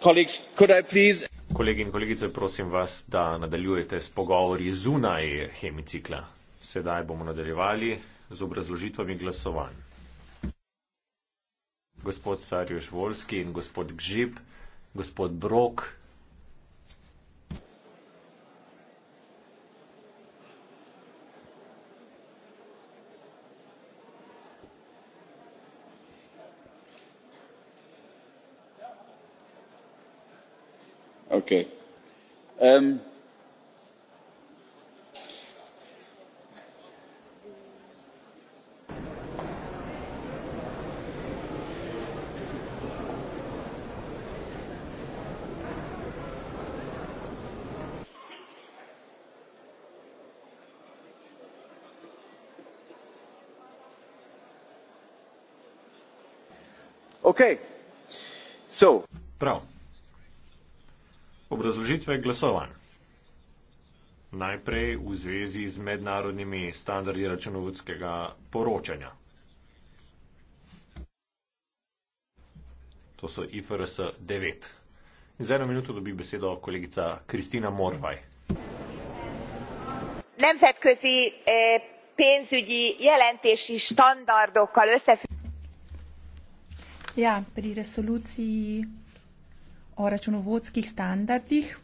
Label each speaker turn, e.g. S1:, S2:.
S1: Kolegi in kolegice, prosim vas, da nadaljujete s pogovori zunaj hemicikla. Sedaj bomo nadaljevali z obrazložitvami glasovanj. Gospod Sarjoš Volski in gospod Gžip, gospod Brok,
S2: Okay. Um, Prav.
S1: Obrazložitve glasovanj. Najprej v zvezi z mednarodnimi standardi računovodskega poročanja. To so IFRS 9. In za eno minuto dobi besedo kolegica Kristina Morvaj.
S3: Nemzetközi eh, pénzügyi jelentési standardokkal összefüggő.
S4: Ja, pri resoluciji o računovodskih standardih,